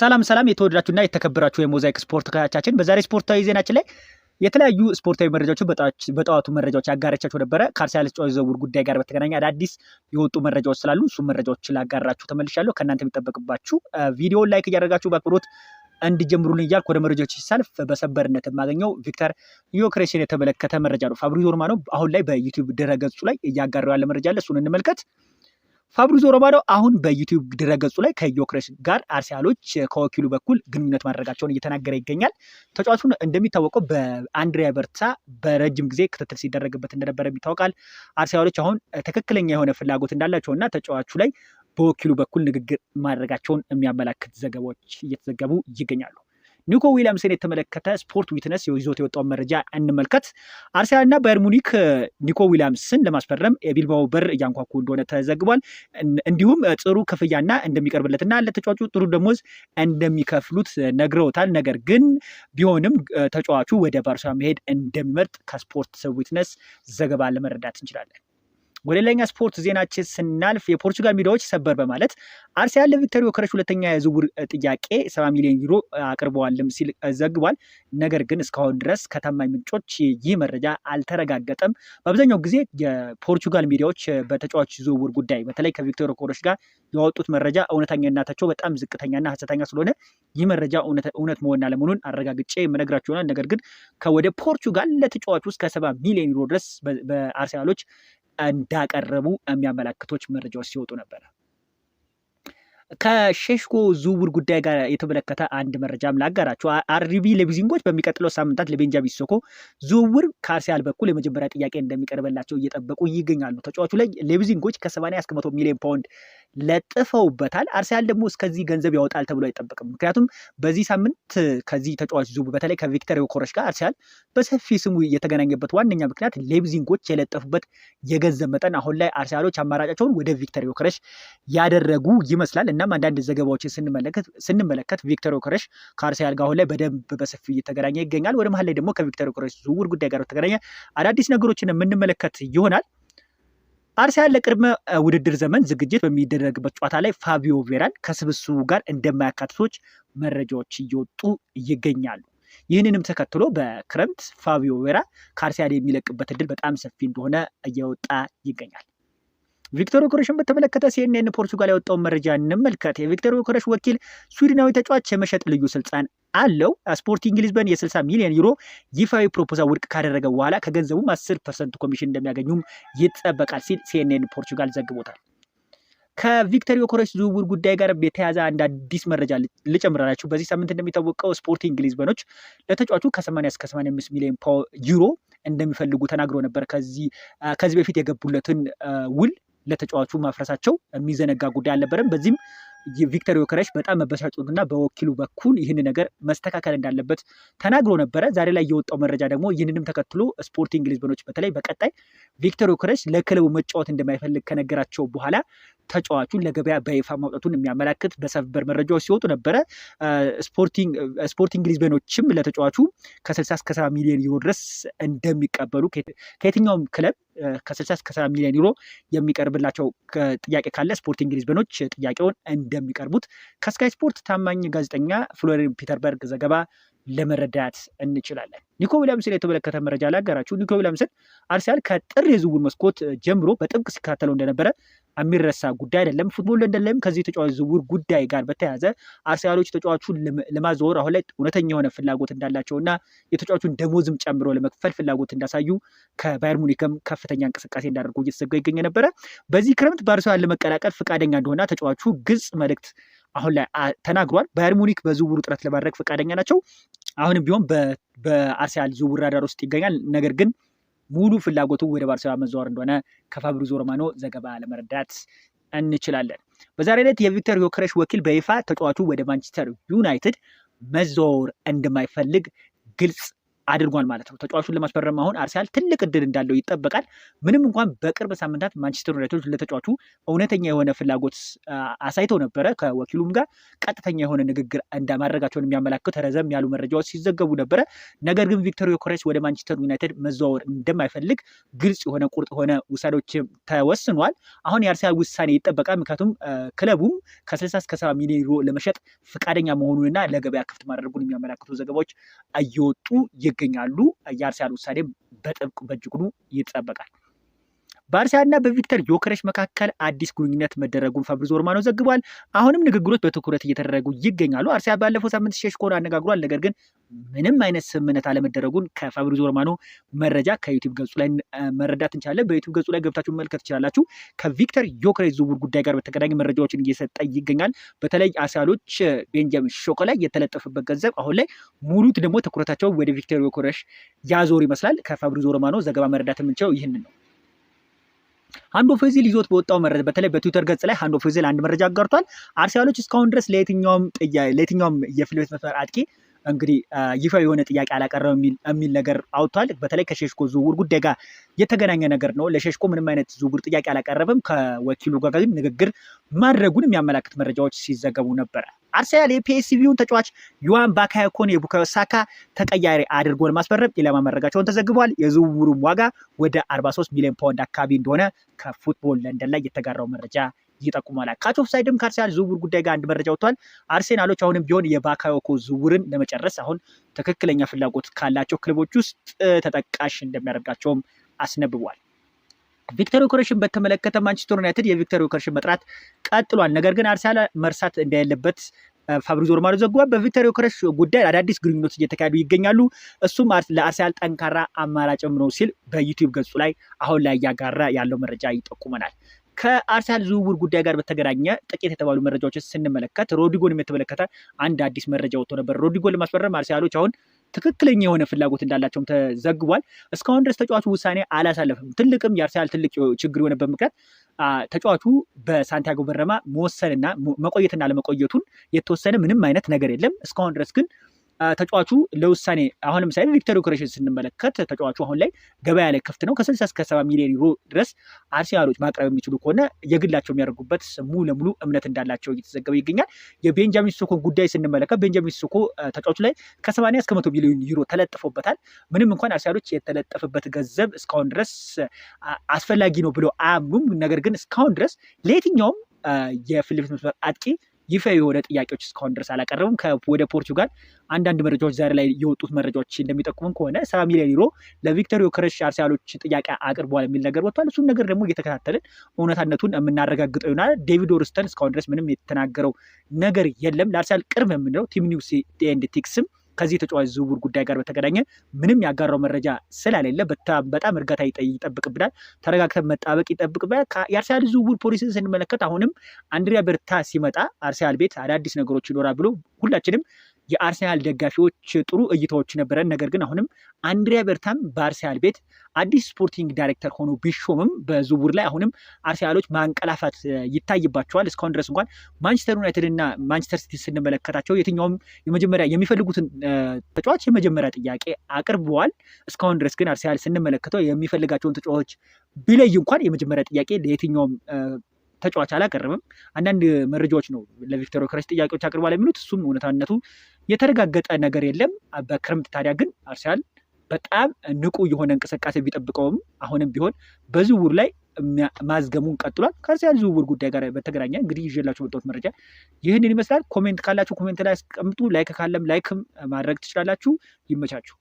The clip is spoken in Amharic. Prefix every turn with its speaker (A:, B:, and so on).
A: ሰላም ሰላም የተወደዳችሁና የተከበራችሁ የሞዛይክ ስፖርት ከቻችን በዛሬ ስፖርታዊ ዜናችን ላይ የተለያዩ ስፖርታዊ መረጃዎችን በጠዋቱ መረጃዎች ያጋረቻቸው ነበረ። ከአርሰናል ተጫዋች ዝውውር ጉዳይ ጋር በተገናኘ አዳዲስ የወጡ መረጃዎች ስላሉ እሱም መረጃዎች ላጋራችሁ ተመልሻለሁ። ከእናንተ የሚጠበቅባችሁ ቪዲዮን ላይክ እያደረጋችሁ በአክብሮት እንዲጀምሩልኝ እያልኩ ወደ መረጃዎች ሲሳልፍ በሰበርነት የማገኘው ቪክተር ዮክሬስን የተመለከተ መረጃ ነው። ፋብሪዞ ሮማኖ አሁን ላይ በዩቲዩብ ድረገጹ ላይ እያጋራው ያለ መረጃ አለ። እሱን እንመልከት። ፋብሪዞ ሮማኖ አሁን በዩቲዩብ ድረገጹ ላይ ከዮክሬሽ ጋር አርሰናሎች ከወኪሉ በኩል ግንኙነት ማድረጋቸውን እየተናገረ ይገኛል። ተጫዋቹን እንደሚታወቀው በአንድሪያ በርታ በረጅም ጊዜ ክትትል ሲደረግበት እንደነበረ ይታወቃል። አርሰናሎች አሁን ትክክለኛ የሆነ ፍላጎት እንዳላቸው እና ተጫዋቹ ላይ በወኪሉ በኩል ንግግር ማድረጋቸውን የሚያመላክት ዘገባዎች እየተዘገቡ ይገኛሉ። ኒኮ ዊሊያምስን የተመለከተ ስፖርት ዊትነስ ይዞት የወጣውን መረጃ እንመልከት። አርሰናልና ባየር ሙኒክ ኒኮ ዊሊያምስን ለማስፈረም የቢልባው በር እያንኳኩ እንደሆነ ተዘግቧል። እንዲሁም ጥሩ ክፍያና እንደሚቀርብለትና ለተጫዋቹ ጥሩ ደሞዝ እንደሚከፍሉት ነግረውታል። ነገር ግን ቢሆንም ተጫዋቹ ወደ ባርሳ መሄድ እንደሚመርጥ ከስፖርት ዊትነስ ዘገባ ለመረዳት እንችላለን። ወደ ሌላኛ ስፖርት ዜናችን ስናልፍ የፖርቹጋል ሚዲያዎች ሰበር በማለት አርሰናል ለቪክተር ዮከረስ ሁለተኛ የዝውውር ጥያቄ ሰባ ሚሊዮን ዩሮ አቅርበዋልም ሲል ዘግቧል። ነገር ግን እስካሁን ድረስ ከታማኝ ምንጮች ይህ መረጃ አልተረጋገጠም። በአብዛኛው ጊዜ የፖርቹጋል ሚዲያዎች በተጫዋች ዝውውር ጉዳይ በተለይ ከቪክተር ዮከረስ ጋር ያወጡት መረጃ እውነተኛነታቸው በጣም ዝቅተኛና ሀሰተኛ ስለሆነ ይህ መረጃ እውነት መሆንና ለመሆኑን አረጋግጬ የምነግራችሁ ይሆናል። ነገር ግን ከወደ ፖርቹጋል ለተጫዋቹ እስከ ሰባ ሚሊዮን ዩሮ ድረስ በአርሰናሎች እንዳቀረቡ የሚያመላክቶች መረጃዎች ሲወጡ ነበር። ከሸሽኮ ዝውውር ጉዳይ ጋር የተመለከተ አንድ መረጃም ላጋራችሁ። አርቢ ሌቪዚንጎች በሚቀጥለው ሳምንታት ለቤንጃሚን ሶኮ ዝውውር ከአርሰናል በኩል የመጀመሪያ ጥያቄ እንደሚቀርበላቸው እየጠበቁ ይገኛሉ። ተጫዋቹ ላይ ሌቪዚንጎች ከ80 እስከ 100 ሚሊዮን ፓውንድ ለጥፈውበታል። አርሰናል ደግሞ እስከዚህ ገንዘብ ያወጣል ተብሎ አይጠበቅም። ምክንያቱም በዚህ ሳምንት ከዚህ ተጫዋች ዙብ በተለይ ከቪክተር ዮኮረሽ ጋር አርሰናል በሰፊ ስሙ የተገናኘበት ዋነኛ ምክንያት ሌብዚንጎች የለጠፉበት የገንዘብ መጠን አሁን ላይ አርሰናሎች አማራጫቸውን ወደ ቪክተር ዮኮረሽ ያደረጉ ይመስላል። እናም አንዳንድ ዘገባዎችን ስንመለከት ቪክተር ዮከረስ ከአርሰናል ጋር አሁን ላይ በደንብ በሰፊው እየተገናኘ ይገኛል። ወደ መሀል ላይ ደግሞ ከቪክተር ዮከረስ ዝውውር ጉዳይ ጋር በተገናኘ አዳዲስ ነገሮችን የምንመለከት ይሆናል። አርሰናል ለቅድመ ውድድር ዘመን ዝግጅት በሚደረግበት ጨዋታ ላይ ፋቢዮ ቬራን ከስብስቡ ጋር እንደማያካትቶች መረጃዎች እየወጡ ይገኛሉ። ይህንንም ተከትሎ በክረምት ፋቢዮ ቬራ ከአርሰናል የሚለቅበት እድል በጣም ሰፊ እንደሆነ እየወጣ ይገኛል። ቪክቶር ዮከረስን በተመለከተ ሲኤንኤን ፖርቹጋል ያወጣውን መረጃ እንመልከት። የቪክቶር ዮከረስ ወኪል ስዊድናዊ ተጫዋች የመሸጥ ልዩ ስልጣን አለው። ስፖርት እንግሊዝ በን የ60 ሚሊዮን ዩሮ ይፋዊ ፕሮፖዛል ውድቅ ካደረገ በኋላ ከገንዘቡም 10 ፐርሰንት ኮሚሽን እንደሚያገኙም ይጠበቃል ሲል ሲኤንኤን ፖርቹጋል ዘግቦታል። ከቪክተር ዮከረስ ዝውውር ጉዳይ ጋር የተያዘ አንድ አዲስ መረጃ ልጨምራላችሁ። በዚህ ሳምንት እንደሚታወቀው ስፖርቲንግ ሊዝበኖች ለተጫዋቹ ከ80 እስከ 85 ሚሊዮን ዩሮ እንደሚፈልጉ ተናግሮ ነበር። ከዚህ በፊት የገቡለትን ውል ለተጫዋቹ ማፍረሳቸው የሚዘነጋ ጉዳይ አልነበረም። በዚህም ቪክተር ዮከረሽ በጣም መበሳጩና በወኪሉ በኩል ይህን ነገር መስተካከል እንዳለበት ተናግሮ ነበረ። ዛሬ ላይ የወጣው መረጃ ደግሞ ይህንንም ተከትሎ ስፖርቲንግ ሊዝበኖች በተለይ በቀጣይ ቪክተር ዮከረሽ ለክለቡ መጫወት እንደማይፈልግ ከነገራቸው በኋላ ተጫዋቹን ለገበያ በይፋ ማውጣቱን የሚያመላክት በሰበር መረጃዎች ሲወጡ ነበረ። ስፖርቲንግ ሊዝበኖችም ለተጫዋቹ ከ60 እስከ 70 ሚሊዮን ዩሮ ድረስ እንደሚቀበሉ ከየትኛውም ክለብ ከ60 እስከ 70 ሚሊዮን ዩሮ የሚቀርብላቸው ጥያቄ ካለ ስፖርቲንግ ሊዝበኖች ጥያቄውን እንደሚቀርቡት ከስካይ ስፖርት ታማኝ ጋዜጠኛ ፍሎሪን ፒተርበርግ ዘገባ ለመረዳት እንችላለን። ኒኮ ዊሊያምስን የተመለከተ መረጃ ላይ አጋራችሁ። ኒኮ ዊሊያምስን አርሲያል ከጥር የዝውውር መስኮት ጀምሮ በጥብቅ ሲከታተለው እንደነበረ የሚረሳ ጉዳይ አይደለም። ፉትቦል ለንደን ላይም ከዚህ ተጫዋች ዝውውር ጉዳይ ጋር በተያያዘ አርሰናሎች ተጫዋቹን ለማዘወር አሁን ላይ እውነተኛ የሆነ ፍላጎት እንዳላቸው እና የተጫዋቹን ደሞዝም ጨምሮ ለመክፈል ፍላጎት እንዳሳዩ ከባየር ሙኒክም ከፍተኛ እንቅስቃሴ እንዳደርጉ እየተዘጋ ይገኘ ነበረ። በዚህ ክረምት በአርሰናል ለመቀላቀል ፈቃደኛ እንደሆነ ተጫዋቹ ግልጽ መልእክት አሁን ላይ ተናግሯል። ባየር ሙኒክ በዝውውሩ ጥረት ለማድረግ ፈቃደኛ ናቸው። አሁንም ቢሆን በአርሰናል ዝውውር ራዳር ውስጥ ይገኛል ነገር ግን ሙሉ ፍላጎቱ ወደ ባርሴሎና መዘዋወር እንደሆነ ከፋብሪዞ ሮማኖ ዘገባ ለመረዳት እንችላለን። በዛሬ ዕለት የቪክተር ዮከረስ ወኪል በይፋ ተጫዋቹ ወደ ማንቸስተር ዩናይትድ መዘዋወር እንደማይፈልግ ግልጽ አድርጓል ማለት ነው። ተጫዋቹን ለማስፈረም አሁን አርሰናል ትልቅ እድል እንዳለው ይጠበቃል። ምንም እንኳን በቅርብ ሳምንታት ማንቸስተር ዩናይትድ ለተጫዋቹ እውነተኛ የሆነ ፍላጎት አሳይተው ነበረ። ከወኪሉም ጋር ቀጥተኛ የሆነ ንግግር እንዳማድረጋቸውን የሚያመላክት ረዘም ያሉ መረጃዎች ሲዘገቡ ነበረ። ነገር ግን ቪክቶር ዮከሬስ ወደ ማንቸስተር ዩናይትድ መዘዋወር እንደማይፈልግ ግልጽ የሆነ ቁርጥ የሆነ ውሳኔዎች ተወስኗል። አሁን የአርሰናል ውሳኔ ይጠበቃል። ምክንያቱም ክለቡም ከ60 እስከ 70 ሚሊዮን ዩሮ ለመሸጥ ፈቃደኛ መሆኑንና ለገበያ ክፍት ማድረጉን የሚያመላክቱ ዘገባዎች እየወጡ ይገኛሉ። የአርሰናል ውሳኔ በጥብቅ በእጅጉ ይጠበቃል። በአርሰናልና በቪክተር ዮከረሽ መካከል አዲስ ግንኙነት መደረጉን ፋብሪዞ ሮማኖ ዘግቧል። አሁንም ንግግሮች በትኩረት እየተደረጉ ይገኛሉ። አርሰናል ባለፈው ሳምንት ሼሽኮን አነጋግሯል። ነገር ግን ምንም አይነት ስምምነት አለመደረጉን ከፋብሪዞ ሮማኖ መረጃ ከዩቲዩብ ገጹ ላይ መረዳት እንችላለን። በዩቲዩብ ገጹ ላይ ገብታችሁ መመልከት ትችላላችሁ። ከቪክተር ዮከረሽ ዝውውር ጉዳይ ጋር በተገናኘ መረጃዎችን እየሰጠ ይገኛል። በተለይ አርሰናሎች ቤንጃሚን ሾቆ ላይ የተለጠፈበት ገንዘብ አሁን ላይ ሙሉት ደግሞ ትኩረታቸው ወደ ቪክተር ዮከረሽ ያዞር ይመስላል። ከፋብሪዞ ሮማኖ ዘገባ መረዳት የምንችለው ይህንን ነው። አንድ ኦፌዝል ይዞት በወጣው መረጃ በተለይ በትዊተር ገጽ ላይ አንድ ኦፌዝል አንድ መረጃ አጋርቷል። አርሰናሎች እስካሁን ድረስ ለየትኛውም ለየትኛውም የፊት መስመር አጥቂ እንግዲህ ይፋ የሆነ ጥያቄ አላቀረበም የሚል ነገር አውጥቷል። በተለይ ከሸሽኮ ዝውውር ጉዳይ ጋር የተገናኘ ነገር ነው። ለሸሽኮ ምንም አይነት ዝውውር ጥያቄ አላቀረበም። ከወኪሉ ጋር ግን ንግግር ማድረጉን የሚያመላክት መረጃዎች ሲዘገቡ ነበረ። አርሰናል የፒኤስቪውን ተጫዋች ዩዋን ባካያኮን የቡካዮ ሳካ ተቀያሪ አድርጎ ለማስፈረም ኢላማ ማድረጋቸውን ተዘግቧል። የዝውውሩም ዋጋ ወደ 43 ሚሊዮን ፓውንድ አካባቢ እንደሆነ ከፉትቦል ለንደን ላይ የተጋራው መረጃ ይጠቁማል። ካቾፍ ሳይድም ከአርሴናል ዝውውር ጉዳይ ጋር አንድ መረጃ ወጥቷል። አርሴናሎች አሁንም ቢሆን የባካዮኮ ዝውውርን ለመጨረስ አሁን ትክክለኛ ፍላጎት ካላቸው ክለቦች ውስጥ ተጠቃሽ እንደሚያደርጋቸውም አስነብቧል። ቪክተር ዮከረስን በተመለከተ ማንቸስተር ዩናይትድ የቪክተር ዮከረስን መጥራት ቀጥሏል። ነገር ግን አርሰናል መርሳት እንዳያለበት ፋብሪዞ ሮማኖ ዘግቧል። በቪክተር ዮከረስ ጉዳይ አዳዲስ ግንኙነቶች እየተካሄዱ ይገኛሉ። እሱም ለአርሰናል ጠንካራ አማራጭም ነው ሲል በዩቲዩብ ገጹ ላይ አሁን ላይ እያጋራ ያለው መረጃ ይጠቁመናል። ከአርሰናል ዝውውር ጉዳይ ጋር በተገናኘ ጥቂት የተባሉ መረጃዎችን ስንመለከት ሮድሪጎን የተመለከተ አንድ አዲስ መረጃ ወጥቶ ነበር። ሮድሪጎን ለማስፈረም አርሰናሎች አሁን ትክክለኛ የሆነ ፍላጎት እንዳላቸውም ተዘግቧል። እስካሁን ድረስ ተጫዋቹ ውሳኔ አላሳለፍም። ትልቅም የአርሰናል ትልቅ ችግር የሆነበት ምክንያት ተጫዋቹ በሳንቲያጎ በረማ መወሰንና መቆየትና ለመቆየቱን የተወሰነ ምንም አይነት ነገር የለም። እስካሁን ድረስ ግን ተጫዋቹ ለውሳኔ አሁን ለምሳሌ ቪክተር ዮከረስን ስንመለከት ተጫዋቹ አሁን ላይ ገበያ ላይ ክፍት ነው። ከ60 እስከ 70 ሚሊዮን ዩሮ ድረስ አርሴናሎች ማቅረብ የሚችሉ ከሆነ የግላቸው የሚያደርጉበት ሙሉ ለሙሉ እምነት እንዳላቸው እየተዘገበ ይገኛል። የቤንጃሚን ሶኮ ጉዳይ ስንመለከት ቤንጃሚን ሶኮ ተጫዋቹ ላይ ከ80 እስከ 100 ሚሊዮን ዩሮ ተለጥፎበታል። ምንም እንኳን አርሴናሎች የተለጠፈበት ገንዘብ እስካሁን ድረስ አስፈላጊ ነው ብለው አያምኑም። ነገር ግን እስካሁን ድረስ ለየትኛውም የፊት ለፊት መስመር አጥቂ ይፋ የሆነ ጥያቄዎች እስካሁን ድረስ አላቀረቡም። ወደ ፖርቱጋል አንዳንድ መረጃዎች ዛሬ ላይ የወጡት መረጃዎች እንደሚጠቁሙን ከሆነ ሰባ ሚሊዮን ዩሮ ለቪክተር ዮከረስ አርሰናሎች ጥያቄ አቅርበዋል የሚል ነገር ወጥቷል። እሱም ነገር ደግሞ እየተከታተልን እውነታነቱን የምናረጋግጠው ይሆናል። ዴቪድ ኦርንስተን እስካሁን ድረስ ምንም የተናገረው ነገር የለም። ለአርሰናል ቅርብ የምንለው ቲም ኒውስ ኤንድ ቲክስም ከዚህ ተጫዋች ዝውውር ጉዳይ ጋር በተገናኘ ምንም ያጋራው መረጃ ስለሌለ በጣም እርጋታ ይጠብቅብናል። ተረጋግተን መጣበቅ ይጠብቅብናል። የአርሰናል ዝውውር ፖሊሲን ስንመለከት አሁንም አንድሪያ በርታ ሲመጣ አርሰናል ቤት አዳዲስ ነገሮች ይኖራል ብሎ ሁላችንም የአርሰናል ደጋፊዎች ጥሩ እይታዎች ነበረን። ነገር ግን አሁንም አንድሪያ በርታም በአርሰናል ቤት አዲስ ስፖርቲንግ ዳይሬክተር ሆኖ ቢሾምም በዝውውር ላይ አሁንም አርሰናሎች ማንቀላፋት ይታይባቸዋል። እስካሁን ድረስ እንኳን ማንቸስተር ዩናይትድ እና ማንቸስተር ሲቲ ስንመለከታቸው የትኛውም የመጀመሪያ የሚፈልጉትን ተጫዋች የመጀመሪያ ጥያቄ አቅርበዋል። እስካሁን ድረስ ግን አርሰናል ስንመለከተው የሚፈልጋቸውን ተጫዋች ቢለይ እንኳን የመጀመሪያ ጥያቄ ለየትኛውም ተጫዋች አላቀርብም። አንዳንድ መረጃዎች ነው ለቪክተር ዮከረስ ጥያቄዎች አቅርቧል የሚሉት እሱም እውነታነቱ የተረጋገጠ ነገር የለም። በክረምት ታዲያ ግን አርሰናል በጣም ንቁ የሆነ እንቅስቃሴ ቢጠብቀውም አሁንም ቢሆን በዝውውር ላይ ማዝገሙን ቀጥሏል። ከአርሰናል ዝውውር ጉዳይ ጋር በተገናኘ እንግዲህ ይዤላችሁ መጣሁት መረጃ ይህንን ይመስላል። ኮሜንት ካላችሁ ኮሜንት ላይ አስቀምጡ። ላይክ ካለም ላይክም ማድረግ ትችላላችሁ። ይመቻችሁ።